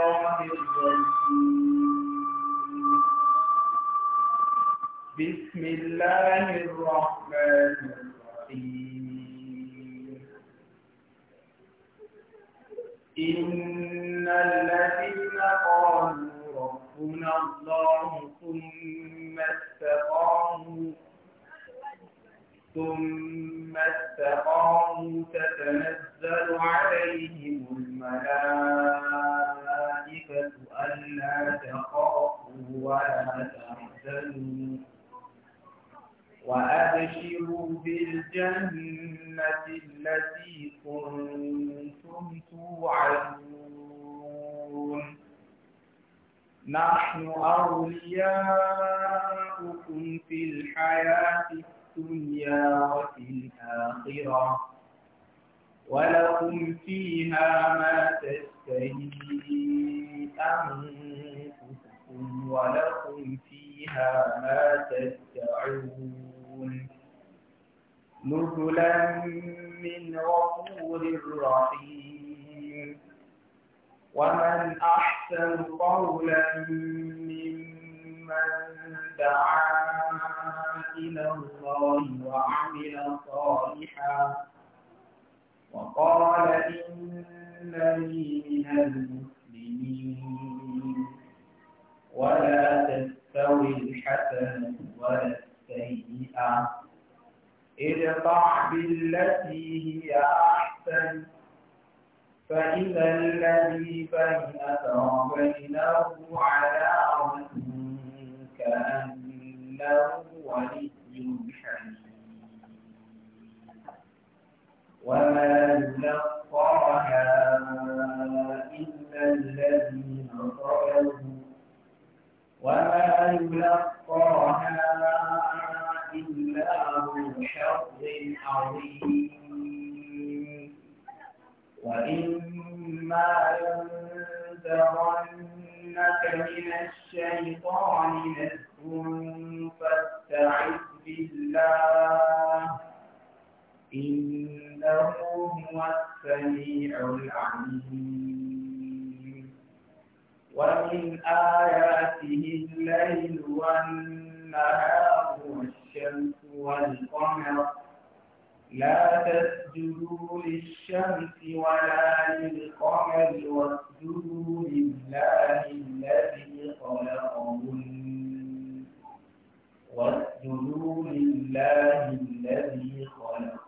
الشيطان الرجيم بسم الله الرحمن أولياء صالحا وقال إنني من المسلمين ولا تستوي الحسنة ولا السيئة ادفع بالتي هي أحسن فإذا الذي بينك وبينه عداوة كأنه ولي حميد وما يلقاها إلا الذين صبروا وما يلقاها إلا ذو حظ عظيم وإما ينزغنك من الشيطان نزغ فاستعذ بالله إنه هو السميع العليم ومن آياته الليل والنهار والشمس والقمر لا تسجدوا للشمس ولا للقمر واسجدوا لله الذي خلقهن واسجدوا لله الذي خلقهن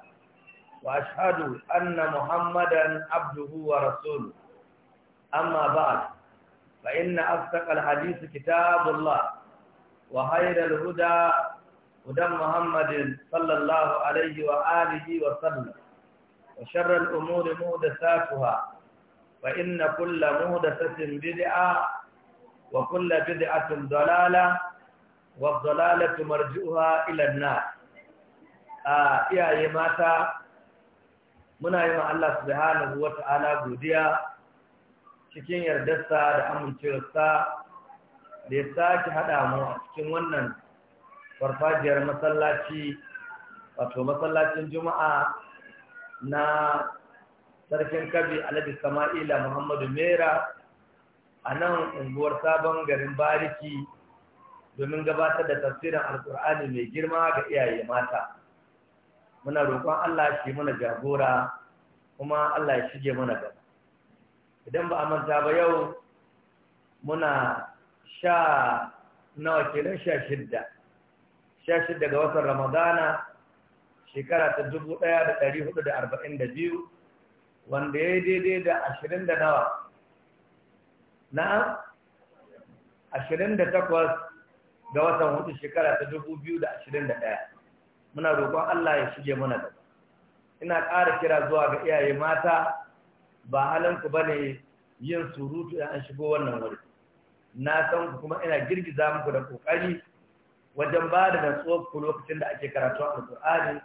وأشهد أن محمدا عبده ورسوله أما بعد فإن أصدق الحديث كتاب الله وخير الهدى هدى محمد صلى الله عليه وآله وسلم وشر الأمور مهدساتها فإن كل مهدسة بدعة وكل بدعة ضلالة والضلالة مرجئها إلى النار آه يا ماتا muna yi wa Allah subhanahu ta'ala godiya cikin yardarsa da amincewarsa da ya sake haɗa mu a cikin wannan farfajiyar masallaci wato masallacin juma'a na sarkin kabi alhaji sama'ila muhammadu mera a nan unguwar sabon garin bariki domin gabatar da tafsirin alkur'ani mai girma ga iyaye mata muna roƙon allah shi mana jagora kuma Allah ya shige mana gaba idan ba a manta ba yau muna sha nawa kenan sha shidda sha shidda ga watan ramadana shekara ta dubu ɗaya da ɗari hudu da arba'in da biyu wanda ya yi daidai da ashirin da nawa na ashirin da takwas ga watan hudu shekara ta dubu biyu da ashirin da ɗaya muna roƙon Allah ya shige mana gaba ina ƙara kira zuwa ga iyaye mata ba halinku ba ne yin surutu idan an shigo wannan wuri na san ku kuma ina girgiza muku da ƙoƙari wajen ba da ku lokacin da ake karatu a Al-Qur'ani,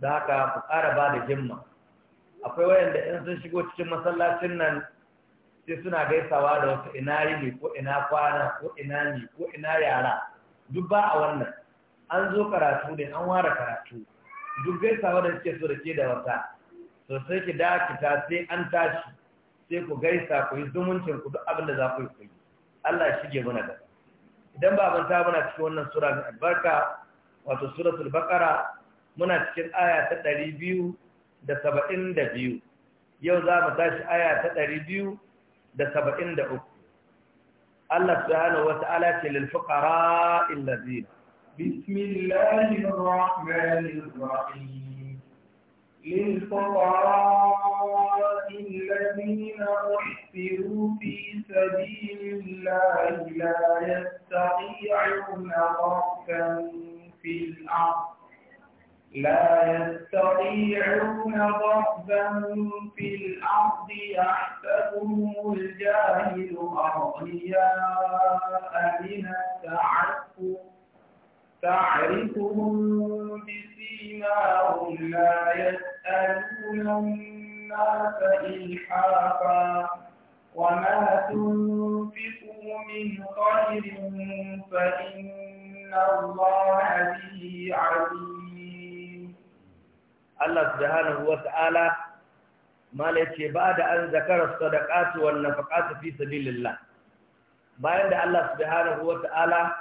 da haka ku ƙara ba da himma akwai wayanda in sun shigo cikin masallacin nan sai suna gaisawa da wasu ina ne ko ina kwana ko ina ne ko ina yara duk ba a wannan an zo karatu ne an ware karatu duk gaisawa da suke so da ke da wata to sai ki dakita sai an tashi sai ku gaisa ku yi zumuncin ku duk abin da za ku yi ku yi Allah shi shige muna da idan ba abin ta muna cikin wannan sura mai albarka wato suratul baqara muna cikin aya ta ɗari biyu da da saba'in biyu, yau za mu tashi aya ta ɗari biyu da da saba'in uku. Allah subhanahu ala ce lil fuqara illazina بسم الله الرحمن الرحيم للفقراء الذين أحسروا في سبيل الله لا يستطيعون ضعفا في الأرض لا يستطيعون ضعفا في الأرض يحسبهم الجاهل أغنياء من التعفف تعرفهم بسيماهم لا يسألون الناس إلحافا وما تنفقوا من خير فإن الله به عليم الله سبحانه وتعالى ما ليتي بعد أن ذكر الصدقات والنفقات في سبيل الله ما عند الله سبحانه وتعالى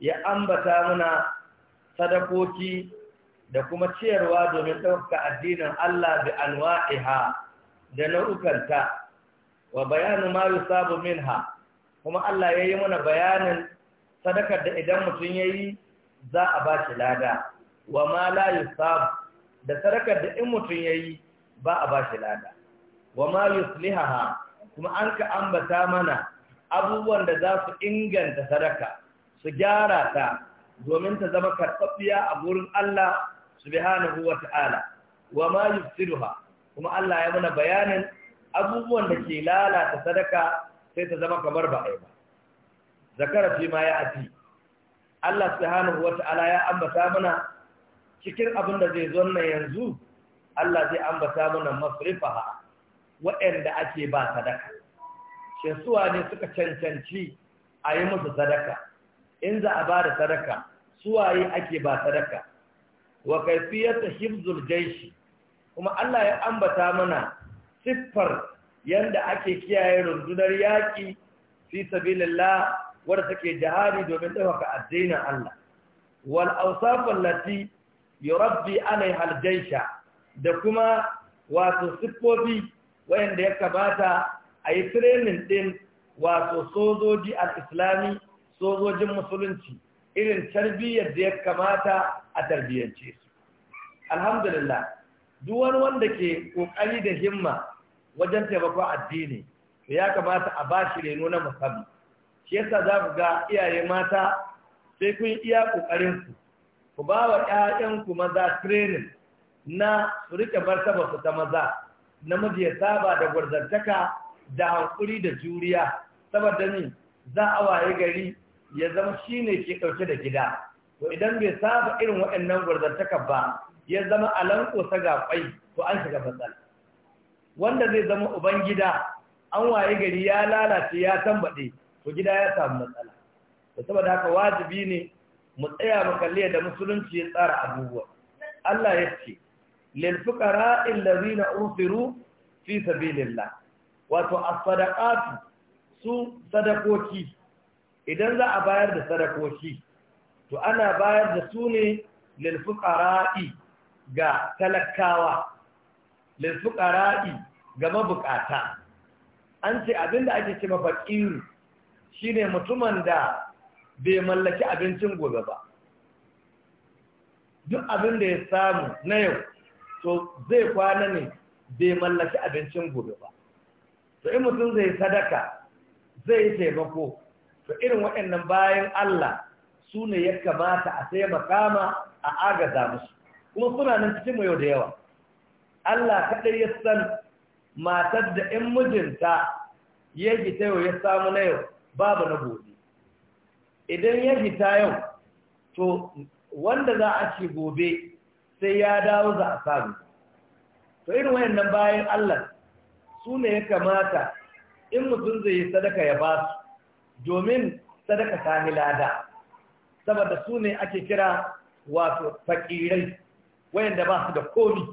ya ambata muna sadakoki da kuma ciyarwa domin ɗaukaka addinin Allah bi anwa'iha da nau'ukanta wa bayanu ma yusabu minha kuma Allah ya yi mana bayanin sadakar da idan mutum ya yi za a ba shi lada wa ma la yusabu da sadakar da in mutum ya yi ba a ba shi lada wa ma yuslihaha kuma an ka ambata mana abubuwan da za su inganta sadaka su gyara ta domin ta zama karfafiya a gurin Allah subhanahu wa ta'ala wa ma kuma Allah ya muna bayanin abubuwan da ke lalata sadaka sai ta zama kamar ba ba zakara fi ma ya ati Allah subhanahu wa ta'ala ya ambata mana cikin abin da zai zo nan yanzu Allah zai ambata mana masrifaha waɗanda ake ba sadaka Shinsuwa ne suka cancanci a yi musu sadaka in za a ba da sadaka suwaye ake ba sadaka wa kaifiyata hibzul jaishi kuma Allah ya ambata mana siffar yanda ake kiyaye rundunar yaƙi fi sabilillah wanda take jihadi domin ɗaukaka addinin Allah wal awsaf lati yurabbi alaiha aljaisha da kuma wato siffofi wayanda ya kamata a yi training din wato sojoji al-islami sojojin musulunci irin tarbiyyar da ya kamata a tarbiyyance su alhamdulillah duk wani wanda ke ƙoƙari da himma wajen taimakon addini to ya kamata a ba shi reno na musamman shi yasa za ku ga iyaye mata sai kun iya ƙoƙarinsu. ku ku ba wa ‘ya’yanku maza trenin na su rike martaba su ta maza namiji ya saba da gwarzantaka da hankuri da juriya saboda ni za a waye gari ya zama shi ne ke ɗauke da gida to idan bai saba irin waɗannan gwarzantakar ba ya zama a lankosa ga ɓai ko an shiga matsala wanda zai zama uban gida an waye gari ya lalace ya tambaɗe to gida ya samu matsala da saboda haka wajibi ne mu tsaya mu kalle da musulunci ya tsara abubuwa Allah ya ce lil fuqara allazina unfiru fi sabilillah wato as-sadaqatu su sadakoki idan za a bayar da sadakoki to ana bayar da su ne lil ga talakawa lil ga mabukata an ce abinda ake ce mafaqir shine mutumin da bai mallaki abincin gobe ba duk abin da ya samu na yau to zai kwana ne bai mallaki abincin gobe ba to in mutum zai sadaka zai yi taimako to irin waɗannan bayan Allah su ne ya kamata a taimaka ma a agaza musu kuma suna nan cikin mu yau da yawa Allah kaɗai ya san matar da ‘yan mijinta ya gita yau ya samu na yau babu na gobe idan ya gita yau to wanda za a ce gobe sai ya dawo za a samu to irin wayannan bayan Allah su ne ya kamata in mutum zai yi sadaka ya ba su domin sadaka ta lada saboda su ne ake kira wato fakirai wayanda ba su da komi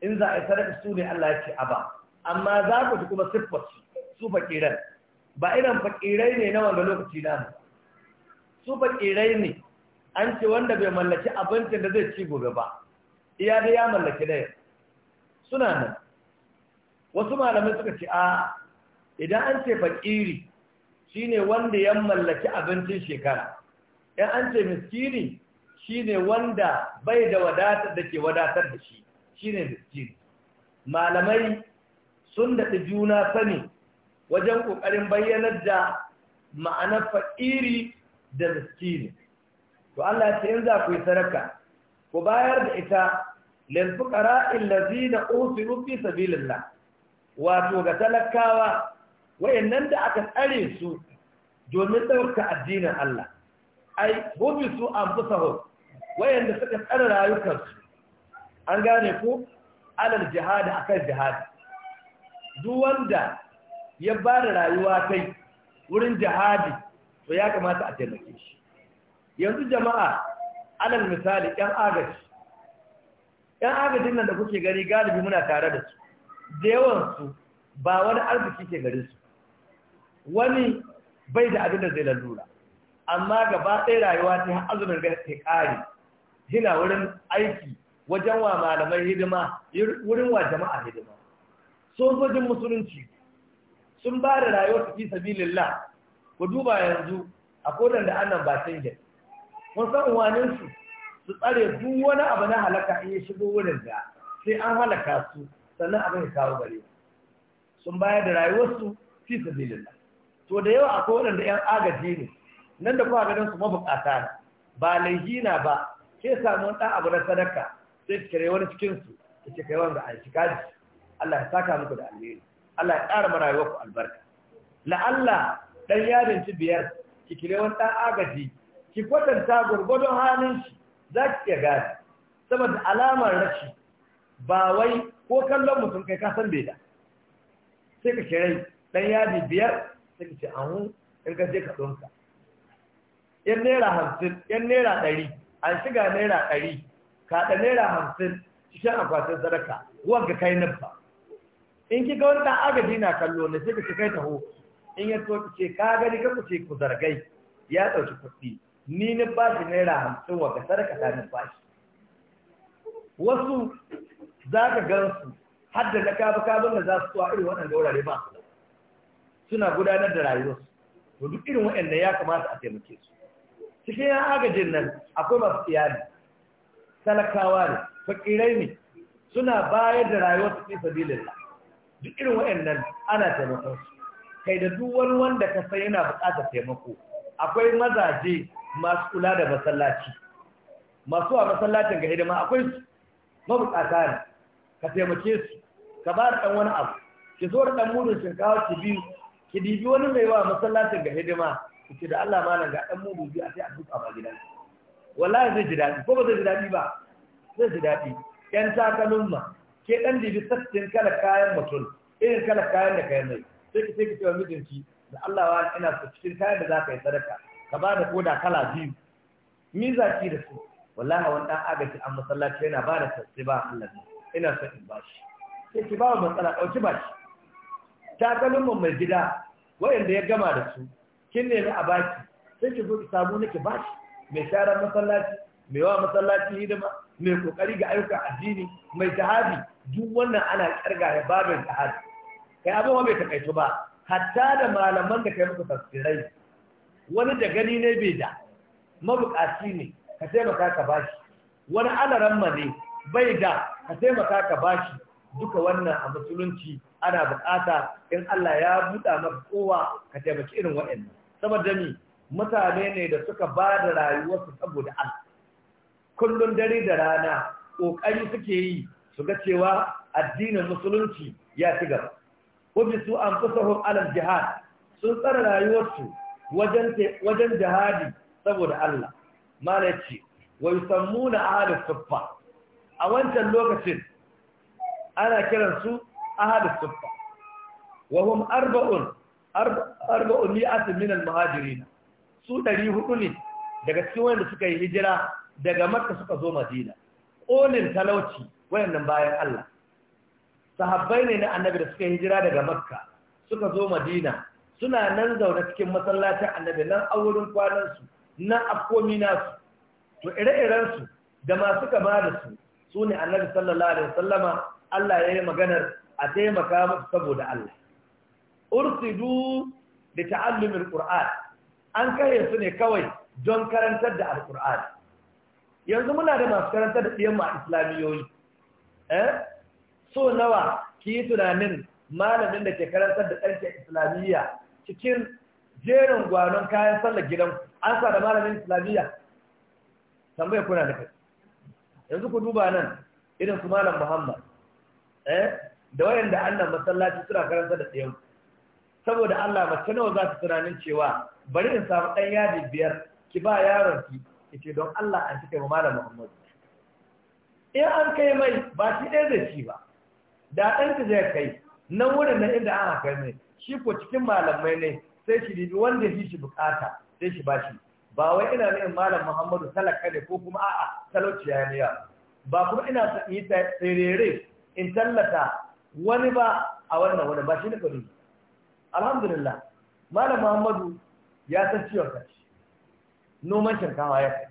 in za a yi sadaka su ne Allah ya ce a ba amma za ku ji kuma siffarsu su fakiran ba irin fakirai ne na wanda lokaci namu su fakirai ne an ce wanda bai mallaki abincin da zai ci gobe ba iya da ya mallaki da suna nan wasu malamai suka ce a idan an ce fakiri Shi ne wanda ya mallaki abincin shekara Yan an ce miskini ne wanda bai da wadatar da ke wadatar da shi Shi ne miskini malamai sun daɗi juna sani wajen ƙoƙarin bayyanar da ma'anar fa'iri da miskini to Allah ce in za ku yi sadaka ku bayar da ita lil fuqara allazina usiru fi sabilillah wato ga talakawa wayannan da aka tsare su domin ɗauka addinin Allah ai gobe su a musaho wayanda suka tsare rayukansu an gane ku alal jihadi kan jihad duk wanda ya ba da rayuwa kai wurin jihadi to ya kamata a taimake shi yanzu jama'a alal misali ƴan agaji ƴan agajin nan da kuke gari galibi muna tare da su da yawansu ba wani arziki ke gare su wani bai da abin da zai lalura amma gaba ɗaya rayuwa ta azumin ga ta ƙare hina wurin aiki wajen wa malamai hidima wurin wa jama'a hidima sojojin musulunci sun ba da rayuwa su fi lillah ku duba yanzu a kodan da annan bakin gari mun san uwanin su su tsare duk wani abu na halaka in ya shigo wurin da sai an halaka su sannan abin ya kawo gare sun bayar da rayuwarsu fi lillah To da yawa akwai waɗanda 'yan agaji ne nan da kuma ganin su mabukata ne ba laifi na ba ke samu wani abu na sadaka sai su kare wani cikin su ki kai wanda an shiga ji Allah ya saka muku da alheri Allah ya ƙara mana rayuwar ku albarka la'alla dan yarin ci biyar ki kire wani dan agaji ki kwatanta gurgudun halin shi za ki iya gane saboda alamar rashi ba wai ko kallon mutum kai ka san bai da sai ka kire dan yadi biyar sai ce an in ka je ka ɗonka yan naira hamsin yan naira ɗari an shiga naira ɗari kaɗa naira hamsin cikin akwatin sadaka wanga kai nan ba in ki ga wata agaji na kallo ne sai ka ce kai taho in ya so ce ka gani ka ku ce ku zargai ya ɗauki kuɗi ni na bashi naira hamsin wa, ga sadaka ta na bashi wasu za ka gan su har da na kaba kabin da za su a irin waɗanda wurare ba suna gudanar da rayuwarsu to duk irin waɗanda ya kamata a taimake su cikin yan agajin nan akwai masu iyali talakawa ne fakirai ne suna bayar da rayuwarsu fi sabilillah duk irin waɗannan ana taimakon su kai da duk wani wanda ka san yana buƙatar taimako akwai mazaje masu kula da masallaci masu a masallacin ga hidima akwai su mabukata ne ka taimake su ka ba da ɗan wani abu ki zo da ɗan mudun shinkawa ki biyu ki dibi wani mai wa masallacin ga hidima ki ce da Allah malam ga dan mudu biyu a sai a duka ba gidan wallahi zai ji daɗi ko ba zai ji daɗi ba zai ji daɗi yan takalin ma ke dan dibi sattin kala kayan mutum irin kala kayan da kayan mai sai ki sai ki ce mijinki da Allah wa ina so cikin kayan da za ka yi sadaka ka ba da koda kala biyu mi za ki da su wallahi wani dan agaji an masallaci yana ba da sassi ba Allah ina so in bashi sai ki ba wa matsala dauki bashi takalmin mai gida wayanda ya gama da su kin nemi a baki sai ki zo ki samu nake bashi, mai sharar masallaci mai wa masallaci hidima mai kokari ga ayyukan addini mai jihadi duk wannan ana kirga ya babin jihadi kai abin bai takaito ba hatta da malaman da kai muku tafsirai wani da gani ne bai da mabukaci ne ka taimaka ka bashi wani alaran ne bai da ka taimaka ka bashi duka wannan a musulunci ana bukata in Allah ya buɗa maka kowa ka taimaki irin waɗannan saboda ni mutane ne da suka ba da rayuwarsu saboda Allah kullun dare da rana kokari suke yi su ga cewa addinin musulunci ya ci gaba wabi su an fusahun Alam jihad sun tsara rayuwarsu wajen jihadi saboda Allah malaci wai sammuna ahalin suffa a wancan lokacin ana kiransu Ahadu suffa wa hum arba'un arba'un mi'atin min al-muhajirin su 400 ne daga cikin wanda suka yi hijira daga makka suka zo madina ƙonin talauci wayannan bayan Allah sahabbai ne na annabi da suka hijira daga makka suka zo madina suna nan zaune cikin masallacin annabi nan a wurin kwanansu na afkomi su, to ire iren su da masu kama da su su annabi sallallahu alaihi wasallama Allah ya yi maganar a taimaka musu saboda Allah ursidu da ta'allumin ƙur'an, an kare su ne kawai don karantar da alqur'ani yanzu muna da masu karantar da ɗiyan ma islamiyoyi eh so nawa ki yi tunanin malamin da ke karantar da ɗarke islamiyya cikin jerin gwanon kayan sallar gidan an sa da malamin islamiyya tambaya kuna da kai yanzu ku duba nan irin su malam muhammad Eh? da waɗanda Allah masallaci suna karanta da tsayen saboda Allah mace nawa za ta tunanin cewa bari in samu ɗan yadi biyar ki ba yaron ki ce don Allah an cika ma malam Muhammad in an kai mai ba shi ɗaya da shi ba da ɗan ki zai kai nan wurin na inda ana kai mai shi ko cikin malamai ne sai shi dibi wanda shi shi bukata sai shi ba shi ba wai ina ne malam Muhammadu talaka ne ko kuma a'a talauciya ne ya ba kuma ina yi tsirere in tallata wani ba a wannan wani ba shi ne kwari alhamdulillah malam muhammadu ya san ciwon kashi. noman shinkawa ya kai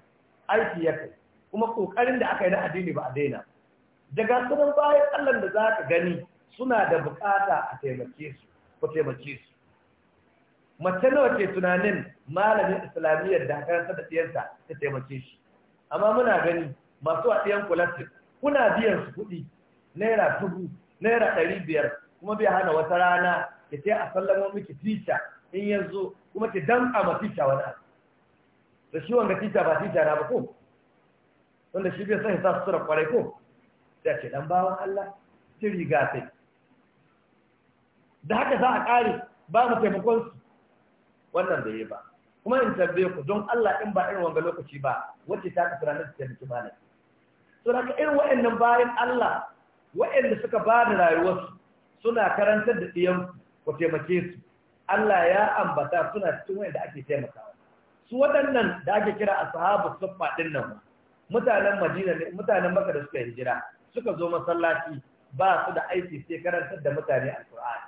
aiki ya kai kuma kokarin da aka yi na addini ba a daina daga sunan bayan allah da za ka gani suna da bukata a taimake su ko taimake su mace nawa ke tunanin malamin islamiyyar da karanta da ɗiyarsa ta taimake shi amma muna gani masu a ɗiyan kuna biyan su kuɗi naira dubu naira ɗari biyar kuma bai hana wata rana ya ce a sallama miki tisha in yanzu kuma ki a ma tisha wani abu da shi wanda tisha ba tisha na ba ko wanda shi bai san ya sa sutura kwarai ko da ce dan bawan Allah ki riga sai da haka za a ƙare ba mu taimakon su wannan da yi ba kuma in tambaye ku don Allah in ba irin wanga lokaci ba wacce ta ka ranar ta taimaki malami to daga irin waɗannan bayan Allah wa'anda suka ba da rayuwarsu suna karantar da iyansu ku taimake su Allah ya ambata suna cikin waɗanda ake taimakawa su waɗannan da ake kira a sahabu sabba ɗin nan mutanen madina ne mutanen maka da suka hijira suka zo masallaci ba su da aiki sai karantar da mutane alkur'ani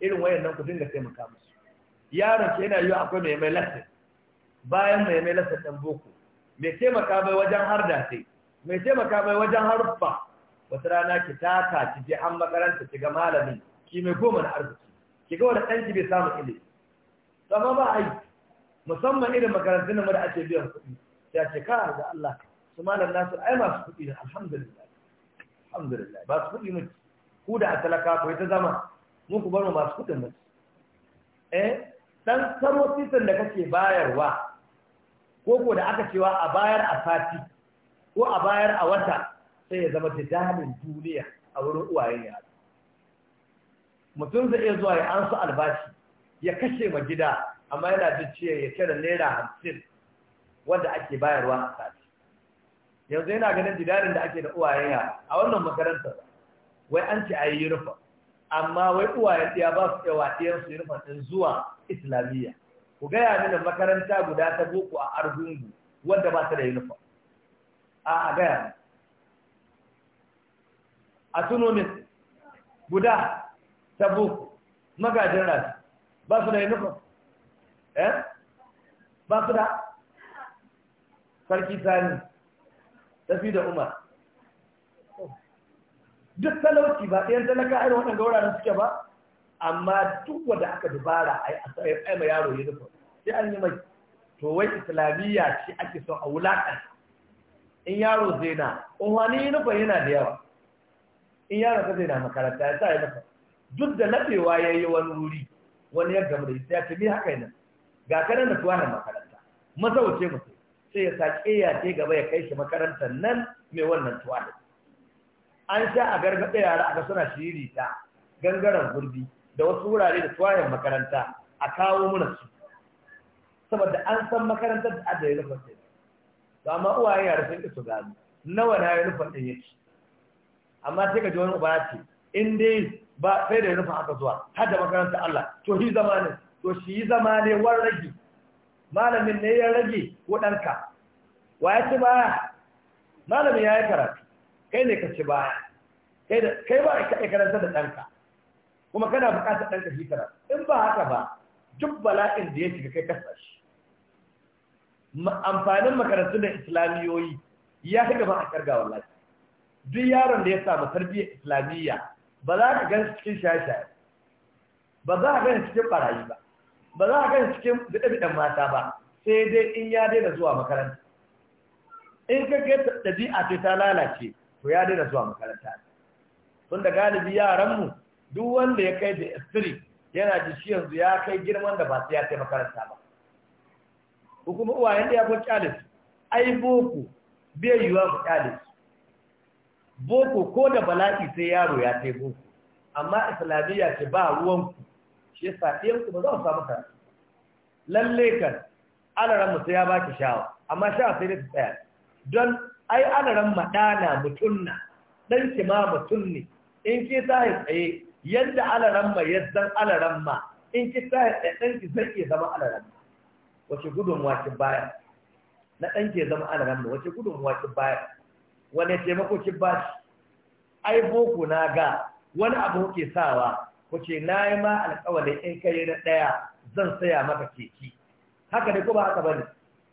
irin wayannan ku dinga taimaka musu yaron ke yana yiwu akwai mai mai lasin bayan mai mai lasin ɗan boko mai taimaka bai wajen harda sai mai taimaka bai wajen haruffa wata rana ki taka ki je an makaranta ki ga malamin ki mai goma na arziki ki ga wani ɗanki bai samu ilimi amma ba a yi musamman irin makarantun da ake biyan kuɗi ya ce ka da Allah su malam nasu ai masu kuɗi ne alhamdulillah alhamdulillah ba su kuɗi mutu ku da talaka ko ta zama mun ku bar mu masu kuɗin mutu eh dan samo titin da kake bayarwa ko ko da aka cewa a bayar a sati ko a bayar a wata sai ya zama jidalin duniya a wurin uwayen yaro mutum zai iya zuwa ya su albashi ya kashe ma gida amma yana da ciye ya cire naira hamsin wanda ake bayarwa a sati yanzu yana ganin jidalin da ake da uwayen yara a wannan makarantar wai an ce a yi uniform amma wai uwayen ɗaya ba su yawa ɗiyan su uniform ɗin zuwa islamiyya ku gaya mini makaranta guda ta boko a argungu wanda ba ta da uniform a gaya A tuno min guda tabo magajin rasu ba su da yunifom eh ba su da sarki sani tafi da umar duk talauci ba ɗayan talaka irin waɗanda wuraren suke ba amma duk wadda aka dubara a yi ma yaro yunifom sai an yi mai to wai islamiyya ce ake son a wulaƙanta in yaro zai na ƙunwani yunifom yana da yawa in yaron ka zai na makaranta ya sa ya masa duk da nafewa ya yi wani wuri wani ya gamu da ita ya ce ni haka yana ga kanan da tuwa na makaranta masauce wuce sai ya sa ƙeya ce gaba ya kai shi makarantar nan mai wannan tuwa da an sha a gargaɗe yara aka suna shiri ta gangaren gurbi da wasu wurare da tuwayen makaranta a kawo mana su saboda an san makarantar da adda ya nufin ɗin amma uwaye yara sun ƙi su gano nawa na ya nufin ɗin yake amma sai ka ji wani ubaya ce in dai ba sai da rufa aka zuwa har da makarantar Allah to shi zama ne to shi zama ne war rage malamin ne ya rage ko ɗanka wa ya ci baya malamin ya yi karatu kai ne ka ci baya kai ba a yi karanta da ɗanka kuma kana buƙatar ɗanka shi karatu in ba haka ba duk bala'in da ya shiga kai kasa shi amfanin makarantun da islamiyoyi ya fi gaban a karga wallahi duk yaron da ya samu tarbiyyar islamiyya ba za ka gan cikin shashaye ba za ka gan cikin barayi ba ba za ka gan cikin biɗe mata ba sai dai in ya daina zuwa makaranta in ka kai ɗabi'a ce ta lalace to ya daina zuwa makaranta tun da galibi yaranmu duk wanda ya kai da istiri yana ji shi yanzu ya kai girman da ba sai ya kai makaranta ba hukumar uwayen da ya ko ai boko bai yiwa ku kyalisu boko ko da bala'i sai yaro ya kai boko amma islamiyya ce ba ruwanku shi yasa ɗiyanku ba za ku samu karatu lalle kan alaran sai ya baki shawa amma shawa sai dai tsaya don ai alaran maɗana mutum na dan kima ma ne in ki sa ya tsaye yadda alaran ma yaddan zan alaran ma in ki sa ya tsaye dan ki zai iya zama alaran ma wace gudun ki baya na dan ke zama alaran ma wace gudun ki baya wani taimako ki ba shi ai boko na ga wani abu kuke sawa kuce na yi ma alƙawalin in kai na ɗaya zan saya maka keki haka ne ko ba haka bane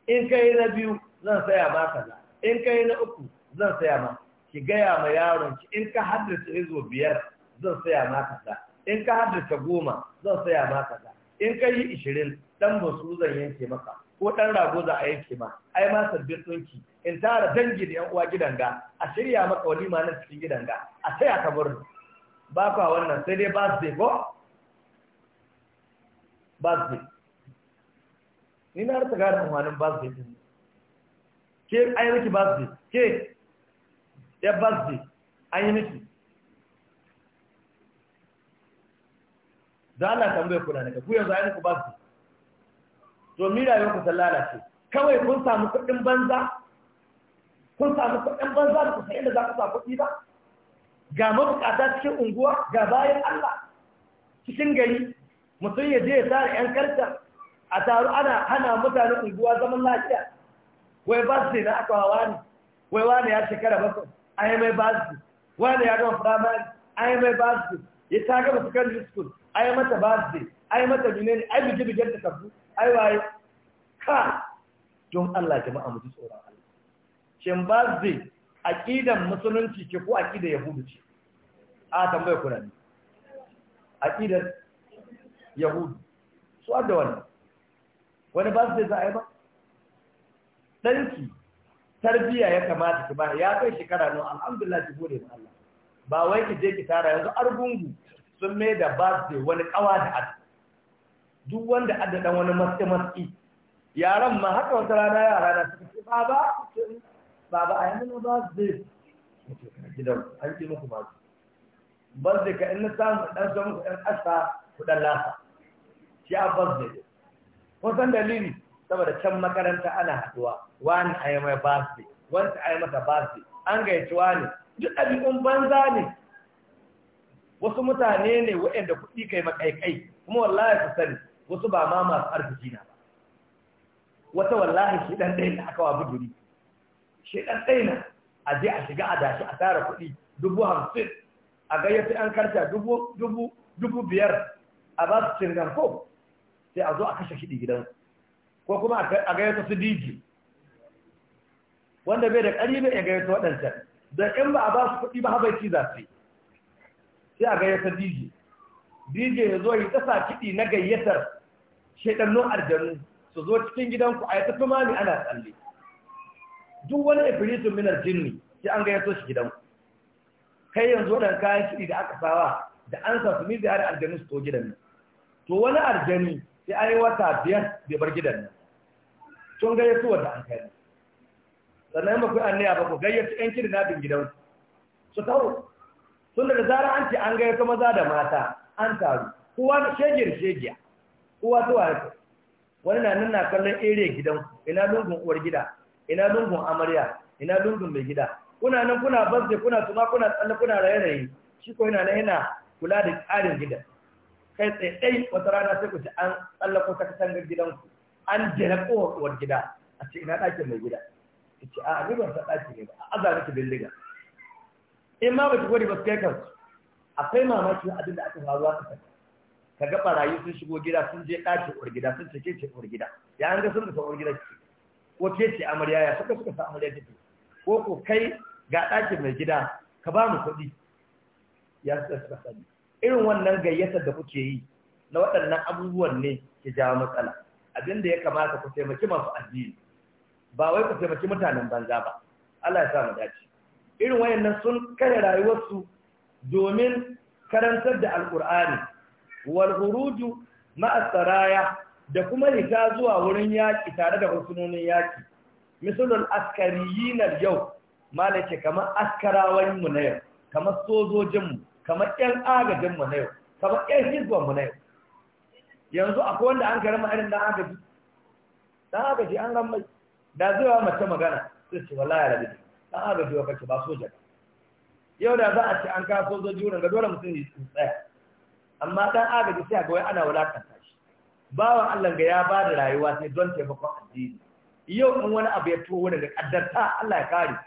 in kai na biyu zan saya ma kaza in kai na uku zan saya ma ki gaya ma yaron ki in ka haddace izo biyar zan saya ma kaza in ka haddace goma zan saya ma kaza in ka yi ishirin dan ba su zan yanke maka ko ɗan rago za a yanke ma ai ma sabbin tsunki in tara dangi da 'yan uwa gidanga a shirya maka walima nan cikin gidanga a taya ka murna ba ka wannan sai dai birthday ko birthday ni na rasa gane amfanin birthday din ke an yi miki birthday ke ya birthday an yi miki za a tambaye kuna daga ku yanzu an yi miki birthday domin rayuwar ku ta lalace kawai kun samu kuɗin banza kun samu kuɗin banza da kusa inda za ku sa kudi ba ga mabukata cikin unguwa ga bayan Allah cikin gari mutum ya je ya tsara 'yan karta a taru ana hana mutane unguwa zaman lafiya wai ba su na aka hawa ne wai wani ya shekara bakwai an yi mai ba su wani ya gama firamare an yi mai ba su ya ta gaba secondary school ai mata birthday ai mata binene ai biki-biki ta kafu ai waye ka don Allah jama'a mu ji tsoron Allah shin birthday aqidan musulunci ce ko ƙidan yahudu ce a tambaya ku ne ƙidan yahudu su adda wannan wani birthday za a yi ba danki tarbiya ya kamata ki ba ya kai shekara nan alhamdulillah ki gode ma Allah ba wai ki je ki tara yanzu argungu sun mai da birthday wani kawa da ad duk wanda adda dan wani maske maski yaran ma haka wata rana yara na suka ce baba baba a yanzu birthday gidan an ce muku ba birthday ka in na samu dan samu ku dan asa ku dan lasa shi a birthday ko san dalili saboda can makaranta ana haduwa wani a yi mai birthday wani a yi masa birthday an ci wani duk ɗabi'un banza ne wasu mutane ne waɗanda kuɗi kai makaikai kuma wallahi su sani wasu ba ma masu arziki na ba wata wallahi shi ɗan ɗaya na aka wa buduri shi ɗan ɗaya na a je a shiga a dashi a tara kuɗi dubu hamsin a gayyata an karta dubu biyar a ba su cingan ko sai a zo a kashe shiɗi gidansu ko kuma a gayyata su diji wanda bai da ƙari bai ya gayyata waɗancan da ƴan ba a ba su kuɗi ba habaici za su sai a gayyatar dj dj ya zo yi tasa kiɗi na gayyatar shaidannun aljanu su zo cikin gidanku a yi tafi mami ana tsalle duk wani efiritun minar jinni sai an gayyato shi gidanku kai yanzu waɗanda kayan kiɗi da aka sawa da an sa su mizi har aljanu su to gidan nan to wani Aljanu sai an yi wata biyar bai bar gidan nan tun gayyato wanda an kai sannan ba ku annaya ba ku gayyaci yan kidnapping gidansu su kawo sun da zara an ce an ta maza da mata an taru kuwa da shegiyar shegiya kuwa zuwa ya wani na nan na kallon area gidan ina lungun uwar gida ina lungun amarya ina lungun mai gida kuna nan kuna bazde kuna tuma kuna tsalle kuna raye-raye shi ko yana na yana kula da tsarin gidan kai tsaye ɗai wata rana sai ku ci an ko ta katangar gidanku an jere kowa uwar gida a ce ina ɗakin mai gida ce a ni ban faɗa ki ne ba a aza miki bindiga in ma baki gwada ba su kai kansu akwai mamakin abin da aka faruwa ka saka ka ga barayi sun shigo gida sun je ɗakin uwar gida sun cike ce uwar gida ya an ga sun da uwar gida ce ko ke ce amarya ya suka suka sa amarya ce ko ko kai ga ɗakin mai gida ka ba mu kuɗi ya suka suka sani irin wannan gayyatar da kuke yi na waɗannan abubuwan ne ke jawo matsala abin da ya kamata ku taimaki masu addini ba wai ku taimaki mutanen banza ba Allah ya sa mu dace irin wayannan sun kare rayuwarsu domin karantar da alkur'ani wal huruju ma asraya da kuma hita zuwa wurin yaki tare da hursunonin yaki misalul askariyin yau malaka kamar askarawan mu na yau kamar sojojin mu kamar ƴan agajin mu na yau kamar ƴan hizban mu na yau yanzu akwai wanda an karama irin dan agaji dan agaji an ramai da zuwa mace magana sai ce wallahi rabi dan agaji wa kace ba soja yau da za a ce an kawo sojoji wurin ga dole mutum ya tsaya amma dan agaji sai ga wai ana wulakanta shi bawan Allah ga ya ba da rayuwa sai don taimakon addini yau in wani abu ya tuwo wurin ga kaddarta Allah ya kare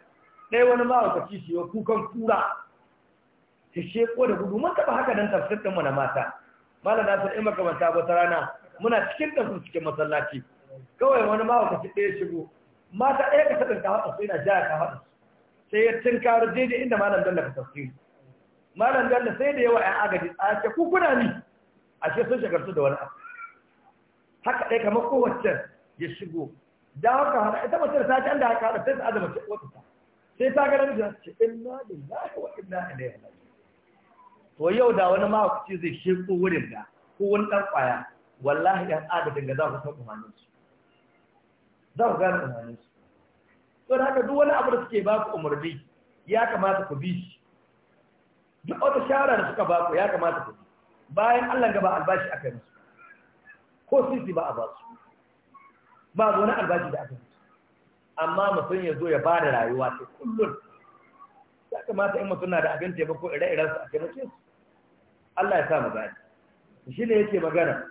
ɗaya wani mawakaci shi ya kukan kura ta sheko da gudu mun taɓa haka dan tafsirin mu na mata malam na in makamanta ta rana muna cikin dafin cikin masallaci kawai wani mawakaci ɗaya shigo mata ɗaya ka saɗin kawo su yana jaya kawo su sai ya tinkaro daidai inda malam dalla ka tafsiri malam dalla sai da yawa ‘yan agaji a ce ku kuna ni a ce sun shagartu da wani abu haka ɗaya kamar kowace ya shigo da haka hada ita mace ta can inda haka hada sai ta azama ce wata ta sai ta ga namiji ce inna lillahi wa inna ilaihi raji'un to yau da wani mahaukaci zai shirko wurin da ko wani ɗan ƙwaya wallahi 'yan adadin ga za ku san umarninsu za ku gane umarnin su to da haka duk wani abu da suke ba ku umarni ya kamata ku bi shi duk wata shara da suka ba ku ya kamata ku bi bayan Allah gaba albashi aka yi musu ko sisi ba a ba su ba wani albashi da aka yi musu amma mutum ya zo ya ba da rayuwa ta kullum ya kamata in mutum na da abin taimako ire-iren su a taimake su Allah ya sa mu gane. shi ne yake magana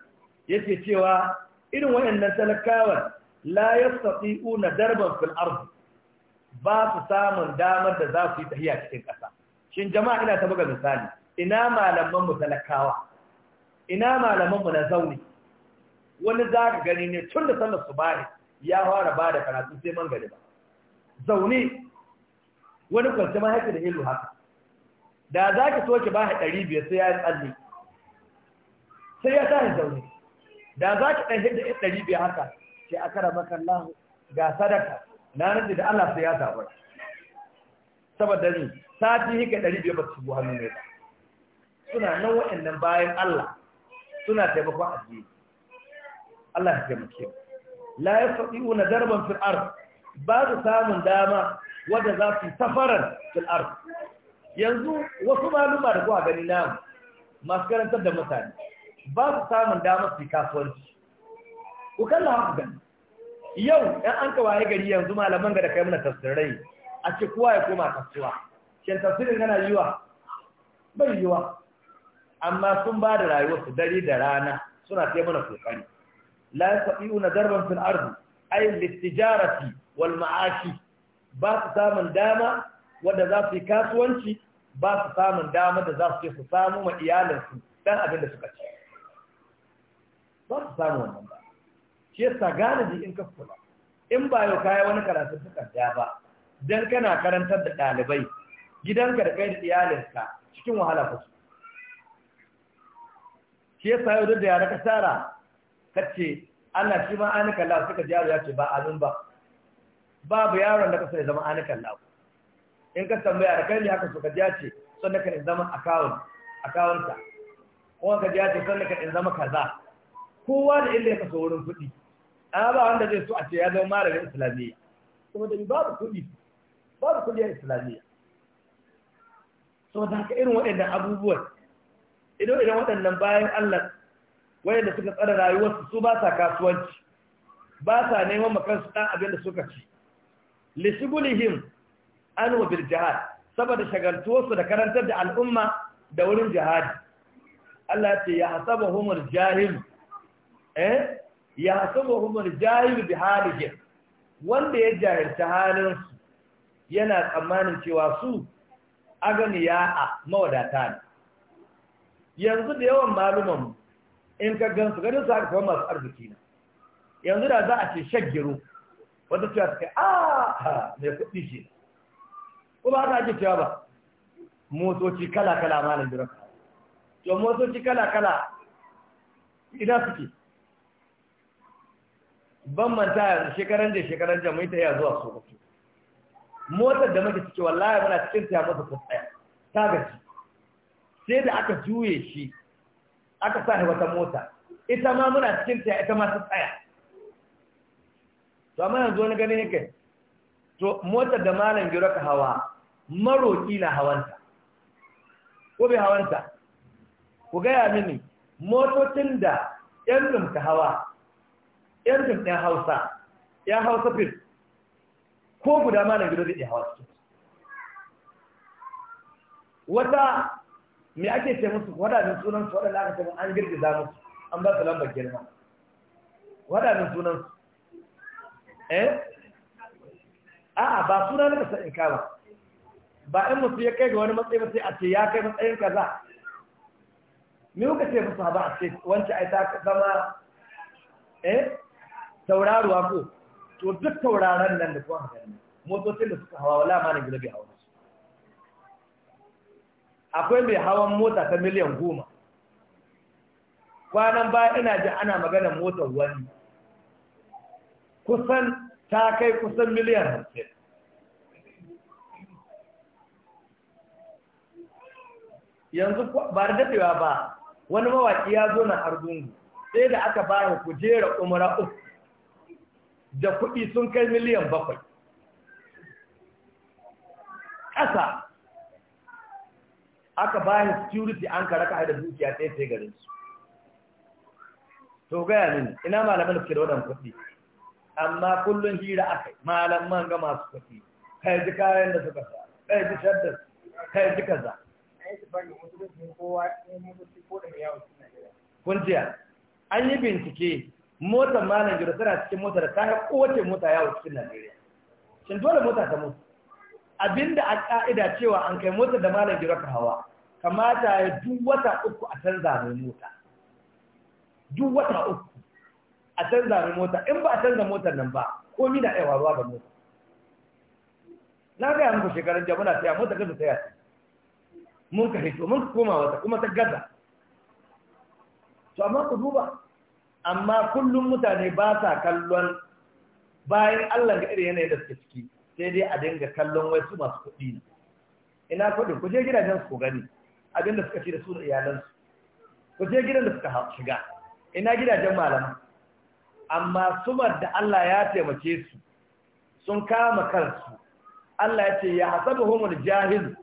yake cewa irin waɗannan talakawan la yastati'una darban fil ard ba su samun damar da za su yi tahiya cikin ƙasa shin jama'a ina ta buga misali ina malaman mu talakawa ina malaman mu na zauni wani za ka gani ne tun da sallar subahi ya fara ba da karatu sai man gari ba zaune wani kwanci ma haka da hilu haka da za ki so ki ba ɗari biyar sai ya yi tsalle sai ya tashi zaune da za ki ɗan hidda ɗari biyar haka ce aka rama Allah ga sadaka na rage da Allah sai ya zaɓar saboda ni sati hika ɗari ba su bu hannu ne ba suna nan waɗannan bayan Allah suna taimakon addini Allah ya taimake mu la yastati'una darban fil ard ba su samun dama wanda za su safaran fil ard yanzu wasu maluma da kuwa gani namu masu karantar da mutane ba su samun dama su kasuwanci ku kalla haka gani yau ɗan an ka waye gari yanzu malaman ga da kai mana tafsirai a ce kowa ya koma kasuwa. shin tafsirin yana yiwa bai yiwa amma sun ba da su dare da rana suna sai mana kokari la yastati'una darban fil ardi ay litijarati wal ma'ashi ba su samun dama wanda za su yi kasuwanci ba su samun dama da za su ce su samu ma iyalansu dan abin da suka ci ba su samu wannan ba sa gane ji in ka kula in ba yau kayi wani karatu ja ba dan kana karantar da ɗalibai gidanka da kai da iyalinka cikin wahala ku ke sa yau da yara ka ce ana Allah shi ma an kalla suka ji yaro ya ce ba azun ba babu yaron da ka sai zama an kalla in ka tambaya da kai ne haka suka ji ya ce son ka in zama account account ka ko ka ji ya ce son ka in zama kaza kowa da inda ya kaso wurin kuɗi a ba wanda zai so a ce ya zama malamin islamiyya da babu kuɗi babu kuɗi a islamiyya da haka irin waɗannan abubuwan idan idan waɗannan bayan allah waɗanda suka tsara rayuwarsu su ba sa kasuwanci ba sa neman makansu ɗan abin da suka ci lishigulihim an wa bil jihad saboda shagaltuwarsu da karantar da al'umma da wurin jihadi Allah ya ce ya hasaba humar jahil eh ya hasabu hukumar jahil bi halijin? wanda ya jahilta halinsu yana tsammanin cewa su agani ya a mawadata ne yanzu da yawan malumanmu in ka gansu ganin su haka kuma masu arziki na yanzu da za a ce shaggiro wata cewa suka a mai kuɗi shi kuma haka ake cewa ba motoci kala-kala malam birka to motoci kala-kala ina suke ban manta shekaran da shekaran da ta yi zuwa sokoto motar da muke cike wallahi muna cikin ta masa ta tsaya ta gaji sai da aka juye shi aka sa wata mota ita ma muna cikin ta ita ma ta tsaya to amma yanzu wani gani yake to motar da malam giro ka hawa maroki na hawanta ko bai hawanta ku gaya mini motocin da yan ka hawa yar fim ɗin hausa ya hausa fim ko guda ma na gido zai iya hawa cikin wata me ake ce musu waɗannan sunansu waɗanda aka ce an girgiza musu an ba su lambar girma waɗannan sunansu eh a'a ba suna na kasa in kama ba in musu ya kai ga wani matsayi ba sai a ce ya kai matsayin kaza me kuka ce musu ba a ce wancan ai ta zama eh tauraruwa ko to duk tauraron nan da kuma gani motocin da suka hawa wala malam gida bai hawa su akwai mai hawan mota ta miliyan goma kwanan baya ina ji ana magana motar wani kusan ta kai kusan miliyan hamsin yanzu ba da daɗewa ba wani mawaki ya zo na argungu sai da aka fara kujera umara uku da kuɗi sun kai miliyan bakwai ƙasa aka bayan security an ka raka haida dukiya ɗaya, sai garin su to gaya ne ina malaman da suke da waɗanda kuɗi amma kullum hira aka yi malaman ga masu kuɗi kai ji kayan da suka sa kai ji shadda kai ji kaza kun jiya an yi bincike motar malam gida tana cikin motar ta yi kowace mota yawo cikin najeriya shin dole mota ta mutu abinda a ka'ida cewa an kai motar da malam gida ka hawa kamata ya duk wata uku a canza mai mota duk wata uku a canza mai mota in ba a canza motar nan ba komi na iya waruwa da mota na ga yanku shekarun jiya muna siya mota gaza yasa. mun ka hito mun ka koma wata kuma ta gaza to amma ku duba amma kullum mutane ba sa kallon bayan Allah ga irin yanayin da suke ciki sai dai a dinga kallon wai su masu kuɗi ina kuɗin ku je gidajen su gani abin da suka ci da su da iyalansu ku je gidan da suka shiga ina gidajen malama amma sumar da Allah ya taimake su sun kama kansu Allah ya ce ya hasabu humul jahil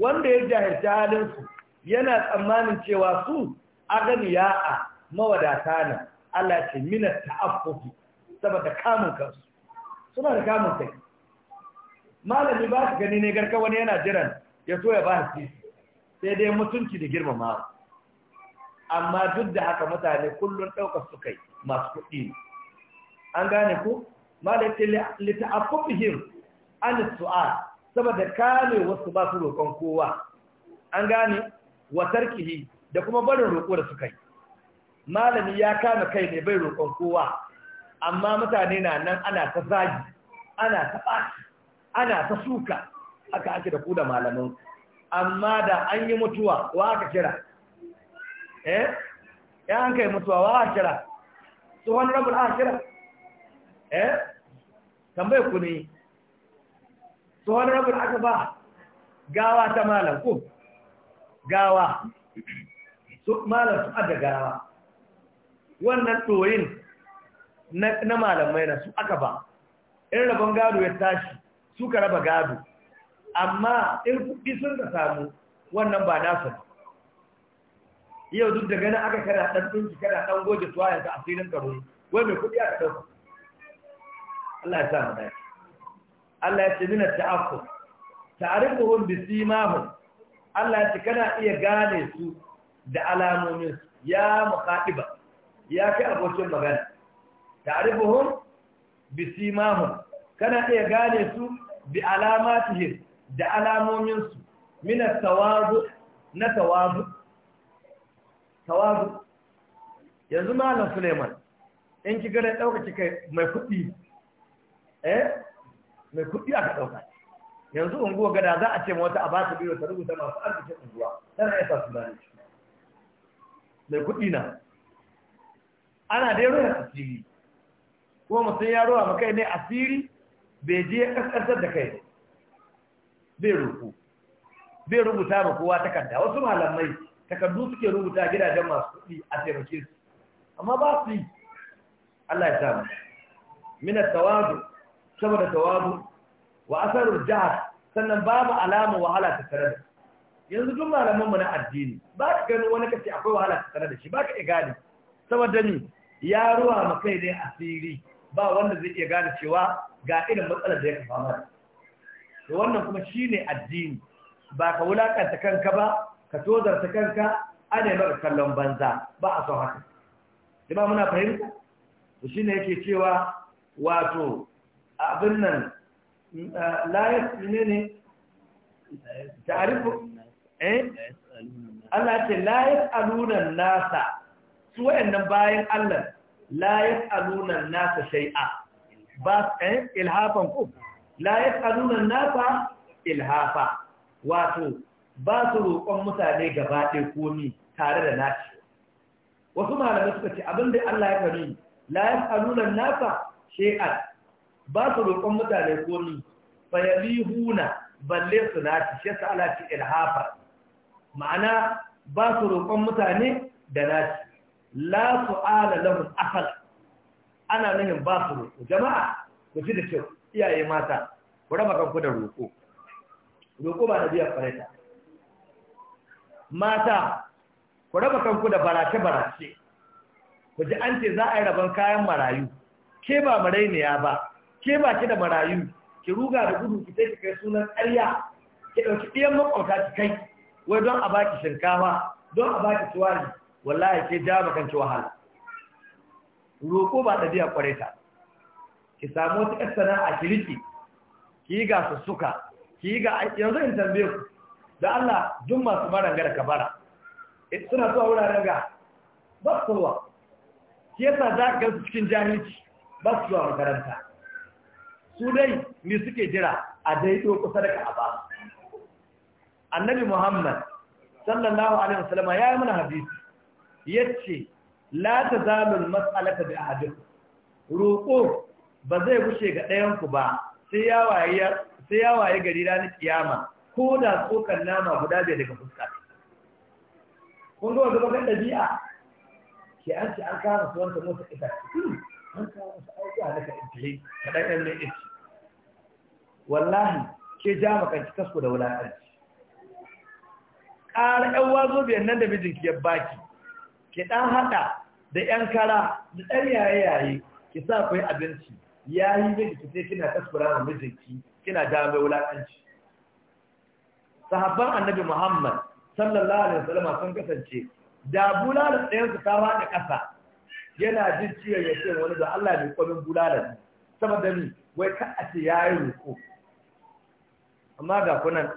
wanda ya jahilta halinsu yana tsammanin cewa su ya'a. mawadata ne Allah ce mina ta'affufi saboda kamun kansu suna da kamun kai malami ba su gani ne garka wani yana jiran ya so ya ba su sai dai mutunci da girmama amma duk da haka mutane kullun ɗaukar su kai masu kuɗi an gane ku malai ce li ta'affufihim an su'al saboda kame wasu ba su roƙon kowa an gane wa da kuma barin roƙo da su kai malami ya kama kai ne bai roƙon kowa amma mutane na nan ana ta zagi ana ta ɓaci ana ta suka aka ake da ku da malamin amma da an yi mutuwa wa aka kira eh ya an kai mutuwa wa aka kira tsohon wani rabin aka kira eh tambaye ku ne tsohon wani rabin aka ba gawa ta malam ku gawa malam su adda gawa wannan ɗoyin na malamai na su aka ba in rabon gado ya tashi suka raba gado amma in kuɗi sun ka samu wannan ba nasa yau duk da gani aka kada ɗan ɗinki kada ɗan goje tuwa yanzu a filin karo wai mai kuɗi aka ɗauka Allah ya sa mu dace Allah ya ce mina ta'affu ta'rifuhum bi simahum Allah ya ce kana iya gane su da alamomin ya ba. ya fi abokin magana ta'rifuhum bi simahum kana iya gane su bi alamatihim da alamomin su min at-tawazu na tawazu tawazu yanzu malam Suleiman in ki gare dauka kika mai kuɗi eh mai kuɗi aka dauka yanzu unguwa gada za a ce wata a ba ta biyo ta rubuta masu arzikin unguwa tana iya sa su mai kuɗi na ana dai ruwa asiri kuma mutum ya ruwa makai ne asiri bai je ya kaskantar da kai bai roƙo bai rubuta ma kowa takarda wasu malamai takardu suke rubuta gidajen masu kuɗi a taimake su amma ba su yi Allah ya samu mina tawadu saboda tawadu wa asarar jihar sannan babu alama wahala ta tare da yanzu duk malaman mu na addini ba ka gani wani kace akwai wahala ta tare da shi ba ka iya ni. saboda ni ya ruwa ma kai dai asiri ba wanda zai iya gane cewa ga irin matsalar da ya fama da wannan kuma shine addini ba ka wulakanta kanka ba ka tozarta kanka a ne maka kallon banza ba a son haka kuma muna fahimta to shine yake cewa wato abin nan layas ne ne ta'arifu eh Allah ce layas alunan nasa su wayannan bayan Allah la yas'aluna nasa shay'a ba eh ilhafan ku la yas'aluna nasa ilhafa wato ba su roƙon mutane gaba ɗaya komi tare da naci wasu malamai suka ce abin da Allah ya faru la yas'aluna nasa shay'a ba su roƙon mutane komi fayalihuna balle su naci shi yasa Allah ce ilhafa ma'ana ba su roƙon mutane da naci la su'ala lahum ahad ana nahin ba su roƙo jama'a ku ji da kyau iyaye mata ku raba kanku da roƙo roƙo ba na biyan fareta mata ku raba kanku da barace-barace ku ji an ce za a yi rabon kayan marayu ke ba marainiya ba ke ba ki da marayu ki ruga da gudu ki sai ki kai sunan ƙarya ki ɗauki ɗiyan makwauta ki kai wai don a baki shinkawa don a baki tuwali wallahi ke ja ci wahala roko ba ɗabi'a kware ta ki samu wata ƙasar a kiriki ki yi ga suka ki ga yanzu in tambaye ku da Allah duk masu maranga da kabara eh, suna zuwa wuraren ga ba su zuwa ki yasa za ka cikin jahilci ba su zuwa makaranta su dai ne suke jira a daidai kusa da ka'aba annabi muhammad sallallahu alaihi wasallama ya yi mana hadisi yace la tazalul mas'alata bi ahadin roƙo ba zai wuce ga ɗayan ku ba sai ya waye sai ya waye gari ranar kiyama ko da tsokan nama guda biyar daga fuska kun ga wanda bakan dabi'a ke an ce an kama su wanda motsa ita hmm, an kama su aiki a daga intile ka ɗan 'yan mai ici wallahi ke ja makanci kasko da wulaƙanci ƙara ƴan wazo biyan nan da mijinki ya baki ki ɗan haɗa da ‘yan kara da ɗan yaye-yaye ki sa kai abinci ya yi ki sai kina tasbura ma mijinki kina da mai wulaƙanci sahabban annabi muhammad sallallahu alaihi wasallam sun kasance da bulalan ɗayan su ta faɗi ƙasa yana jin ciwon ya ce wani da Allah bai komin ne saboda ni wai ka a ce ya yi amma ga kunan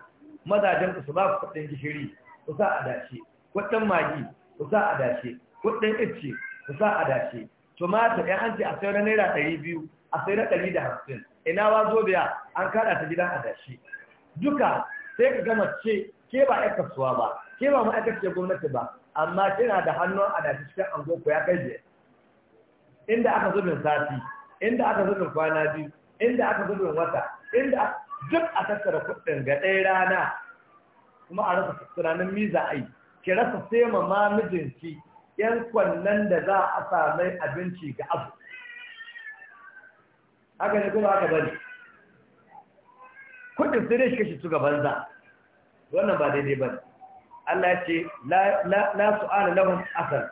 mazajen su ba ku kuɗin gishiri ku sa a dace kuɗin magi ku sa a dace kuɗin ice ku sa a dace tumatir ɗan an ce a sai na naira ɗari biyu a sai na ɗari da hamsin ina wa zo biya an kaɗa ta gidan a dace duka sai ka gama ce ke ba ya kasuwa ba ke ba ma'aikaciyar gwamnati ba amma kina da hannun a dace cikin an ku ya kai inda aka zubin sati inda aka zubin kwana biyu inda aka zubin wata inda duk a tattara kuɗin ga ɗaya rana kuma a rasa tunanin miza aiki ki rasa sai ma ma mijinki yan kwannan da za a samai abinci ga abu haka ne kuma haka bane kudin sai dai shi kashi su gaban banza wannan ba daidai ne. Allah ya ce la su'ala lahum asal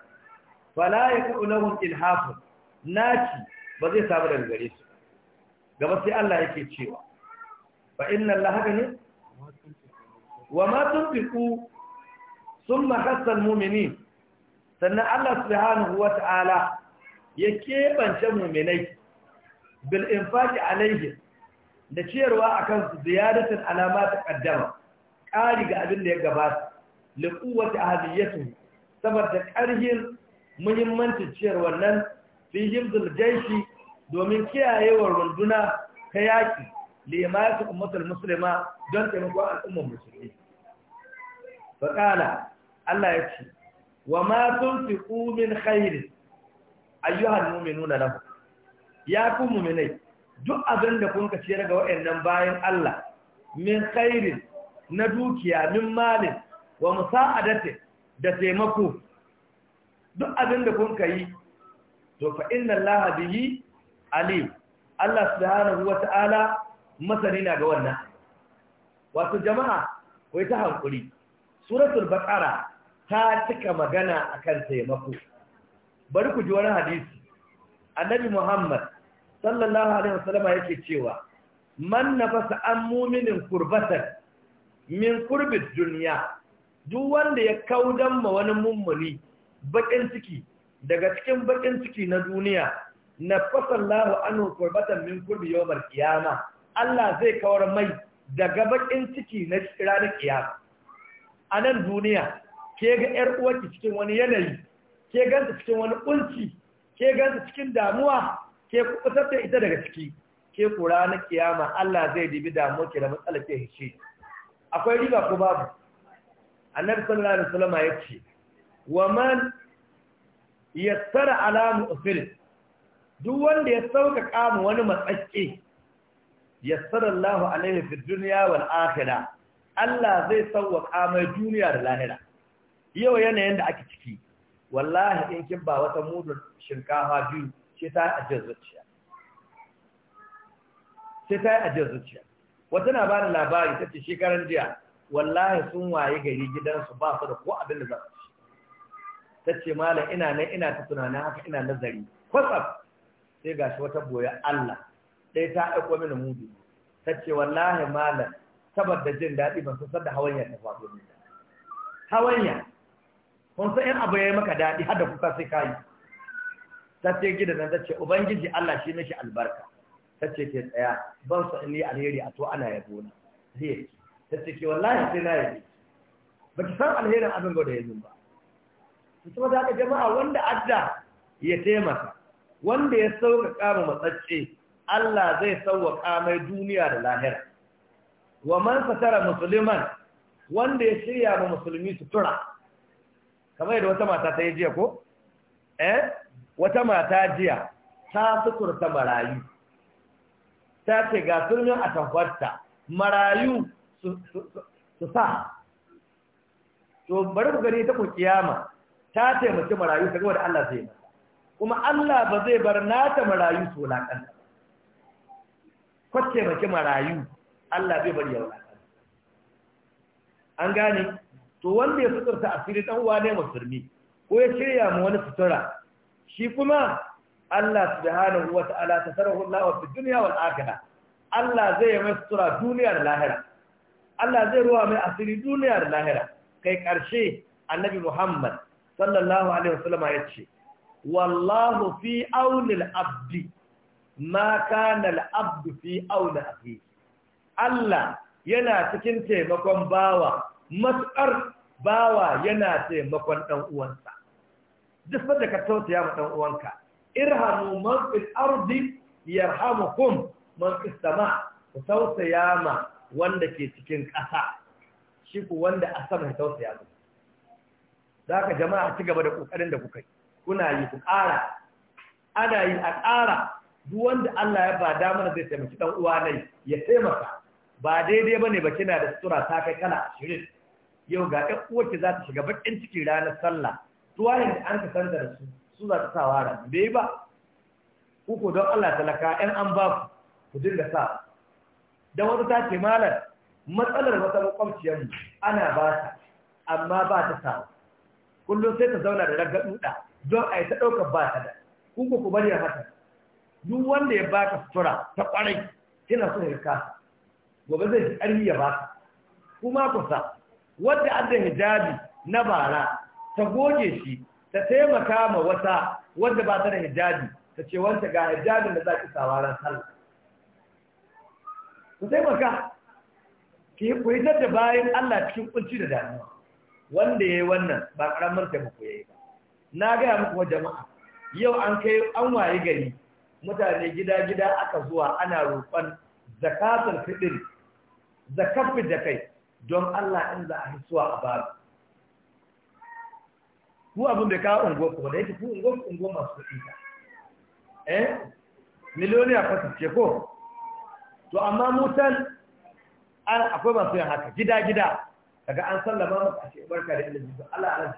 fala yaku lahum ilhafu naci ba zai samu daga gare su gaba sai Allah yake cewa fa inna Allah haka ne wa ma tunfiqu summa khassa mu'minin sannan Allah subhanahu wata'ala ya kebance mu'minai bil infaqi alayhi da ciyarwa akan su ziyadatan alama ta kaddama ƙari ga abin da ya gabata li quwwati ahadiyatu saboda ƙarhin muhimmancin ciyarwan nan fi himzul jaishi domin kiyayewar runduna ta yaƙi limayatu ummatul muslima don taimakon al'ummar musulmi faqala Allah ya ce wa ma tunfiqu min khairin ayyuhal na lahu ya ku mu'minai duk abin da kun ka ciyar ga wayannan bayan Allah min khairin na dukiya min malin wa musa'adati da taimako duk abin da kun ka yi to fa inna Allah bihi alim Allah subhanahu wata'ala masani na ga wannan wato jama'a wai ta hankuri suratul baqara ta cika magana a kan taimako bari ku ji wani hadisi annabi muhammad sallallahu alaihi wasallama yake cewa man na fasa, an muminin kurbatar min kurbit duniya duk wanda ya kaudan ma wani mummuni bakin ciki daga cikin bakin ciki na duniya na fasa fasallahu anu kurbatar min kurbi bar kiyama, Allah zai kawar mai daga bakin ciki na ranar kiyama a nan duniya ke ga ‘yar uwarki cikin wani yanayi ke ganta cikin wani kunci ke ganta cikin damuwa ke kubutar da ita daga ciki ke kura na kiyama Allah zai dibi damuwa ke da matsalar ke hishe akwai riba ko babu annabi sallallahu alaihi wasallam ya ce wa man yassara ala mu'sir duk wanda ya sauka kama wani ya yassara Allah alaihi fi dunya wal akhirah Allah zai sauka mai duniya da lahira yau yanayin da ake ciki wallahi in kin ba wata mudun shinkafa biyu sai ta ajiyar zuciya sai ta ajiyar zuciya wata na bani labari ta ce shekaran jiya wallahi sun waye gari gidansu ba su da ko abin da za su ci ta ce mala ina nan ina ta tunanin haka ina nazari kwatsam sai ga shi wata boye Allah ɗaya ta aiko mini mudu ta ce wallahi tabar saboda jin daɗi ban san da hawanya ta faɗo min hawanya kun sai in abu ya yi maka daɗi har da kuka sai kayi ta ce gida nan ta ce ubangiji Allah shi mishi albarka ta ce ke tsaya ban sa in yi alheri a to ana zo na zai ta ce ke wallahi sai na yi ba ki san alherin abin gauda ya ba su kuma za ka jama'a wanda adda ya taimaka wanda ya sauka kama matsacce Allah zai sauƙaƙa mai duniya da lahira wa man satara musulman wanda ya shirya ma musulmi su tura kamar yadda wata mata ta yi jiya ko eh wata mata jiya ta suturta marayu ta ce ga turmin a tafarta marayu su sa to bari ku gani ta ku kiyama ta taimaki marayu ta gaba da Allah zai kuma Allah ba zai bar nata marayu su wulaƙanta kwace taimaki marayu Allah zai bari ya an gane to wanda ya suturta asiri dan uwa ne musulmi ko ya shirya mu wani sutura shi kuma Allah subhanahu wata'ala tasarrahu Allah fi dunya wal akhirah Allah zai yi mai sutura duniya da lahira Allah zai ruwa mai asiri duniya da lahira kai karshe annabi Muhammad sallallahu alaihi wasallam ya ce wallahu fi aunil abdi ma kana al abdu fi auni akhi Allah yana cikin taimakon bawa matsar bawa yana taimakon ɗan uwansa duk da ka tausaya ma ɗan uwanka irhamu man fil ardi yarhamukum man fis sama ku tausaya ma wanda ke cikin ƙasa shi ku wanda a sama ya tausaya mu za jama'a ci gaba da ƙoƙarin da kuka yi kuna yi ku ƙara ana yi a ƙara duk wanda Allah ya ba mana zai taimaki ɗan uwa ne ya taimaka ba daidai bane ba kina da sutura ta kai kala ashirin yau ga ɗan uwarki za ta shiga baƙin cikin ranar sallah tuwayen da an ka sanda da su su za ta sa ran, bai ba kuku don Allah talaka 'yan an ba ku ku dinga sa don wata ta ce malar matsalar wata makwabciyarmu ana ba ta amma ba ta sa kullum sai ta zauna da ragar duda don a yi ta ɗaukar ba ta da kuku ku bari haka duk wanda ya baka sutura ta ƙwarai kina so ya kasa gobe zai ji ƙarfi ya ka. kuma ku sa wadda adda hijabi na bara ta goge shi ta taimaka ma wata wadda ba ta da hijabi ta ce wanta ga hijabin da za ki sawara sallah ku taimaka ki ku da bayan Allah cikin kunci da damuwa wanda yayi wannan ba karamar taimako yayi ba na ga muku jama'a yau an kai an waye gari mutane gida-gida aka zuwa ana roƙon zakatul fitr zakat da kai don Allah in za a hisuwa a babu ku abin da kawo unguwar ku da yake ku unguwar unguwar masu kuɗi ta eh miliyoniya ce ko to amma mutan akwai masu yin haka gida-gida daga an sallama maka a ce barka da inda ba Allah alam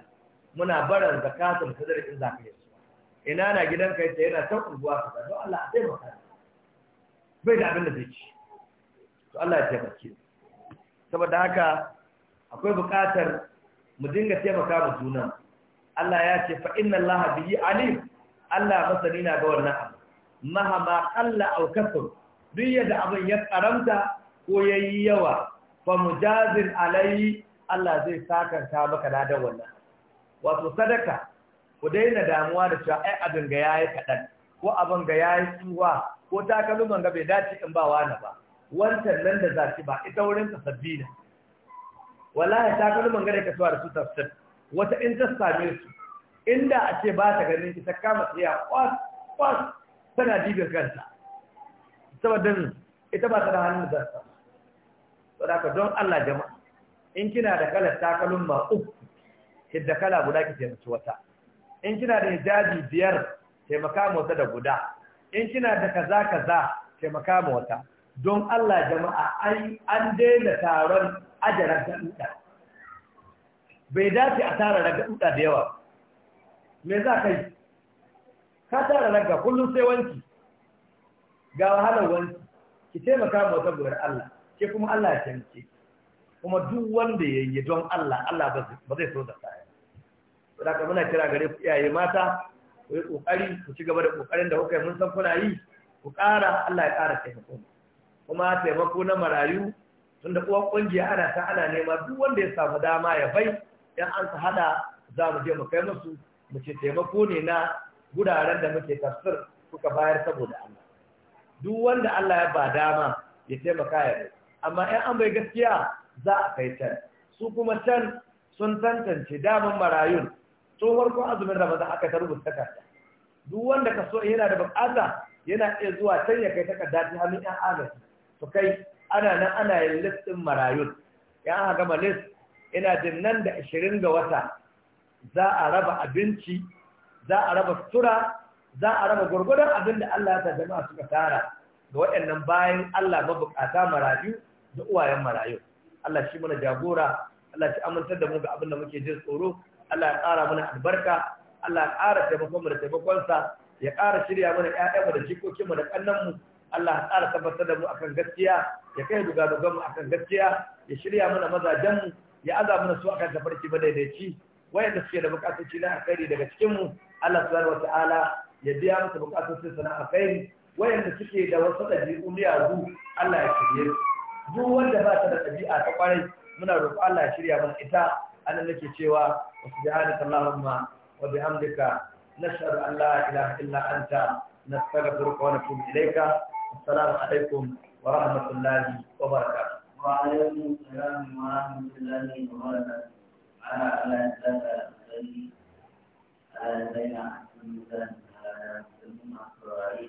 muna baran zakatun sadar in ka yi ina na gidan kai ta yana can unguwa ka don Allah a taimaka bai da abin da zai ci to Allah ya taimake mu saboda haka akwai buƙatar mu dinga taimaka ma juna Allah ya ce fa inna Allah bihi alim Allah masani na ga wannan abu mahama qalla aw kasur duk yadda abin ya karamta ko yayi yawa fa mujazin alai Allah zai sakanta maka da wannan wato sadaka ku daina damuwa da cewa ai abin ga yayi kadan ko abin ga yayi tsuwa ko takalman ga bai dace in ba wani ba wancan nan da za ki ba ita wurin ta sabbi ne wallahi ta kalli mangare ka tuwa da su tafsir wata in ta same su inda a ce ba ta ganin ki ta kama tsaya kwas kwas tana dibe kanta saboda ita ba ta da hannun da ta saboda don Allah jama'a in kina da kalar takalin ma uku hidda kala guda ki taimaki wata in kina da hijabi biyar taimaka ma wata da guda in kina da kaza kaza taimaka ma wata don Allah jama'a an daina taron ajaran gaɗuɗa bai dace a tara raga ɗuɗa da yawa me za ka yi ka tara raga kullum sai wanki ga wahalar wanki ki taimaka ma wata goyar Allah ke kuma Allah ya taimake kuma duk wanda ya yi don Allah Allah ba zai so da kaya da ka muna kira gare ku iyaye mata ku yi ƙoƙari ku ci gaba da ƙoƙarin da kuka yi mun san kuna yi ku ƙara Allah ya ƙara taimako mu kuma taimako na marayu tun da kuwa kungiya ana ta ana nema duk wanda ya samu dama ya bai yan an ta hada za mu je mu kai musu mu ce taimako ne na guraren da muke tafsir suka bayar saboda Allah duk wanda Allah ya ba dama ya taimaka ya bai amma yan an bai gaskiya za a kai can su kuma can sun tantance daman marayun tun farkon azumin ramadan aka ta rubuta takarda duk wanda ka so yana da bukata yana iya zuwa can ya kai takarda ta hannun yan agaji to kai ana nan ana yin list ɗin marayun ya aka gama list ina jin nan da ashirin ga wata za a raba abinci za a raba sutura za a raba gwargwadon abin da Allah ya sa jama'a suka tara ga waɗannan bayan Allah mabukata marayu da uwayen marayu Allah shi mana jagora Allah shi amintar da mu ga abin da muke jin tsoro Allah ya ƙara mana albarka Allah ya ƙara taimakon mu da taimakonsa ya ƙara shirya mana ƴaƴanmu da jikokinmu da ƙannanmu Allah ya tsara tabbatar da mu akan gaskiya ya kai duga dugan mu akan gaskiya ya shirya mana mazajen mu ya aza mana su akan tafarki madaidaici wayanda suke da bukatoci na alkhairi daga cikin mu Allah subhanahu wataala ya biya musu bukatocin su na alkhairi wayanda suke da wasu ɗabi'u zu Allah ya shirye duk wanda ba ta da ɗabi'a ta kwarai muna roƙo Allah ya shirya mana ita anan nake cewa subhanaka allahumma wa bihamdika nashhadu an la ilaha illa anta نستغفرك ونتوب اليك السلام عليكم ورحمة الله وبركاته وعليكم السلام ورحمة الله وبركاته على على ثلاثة على زينة على على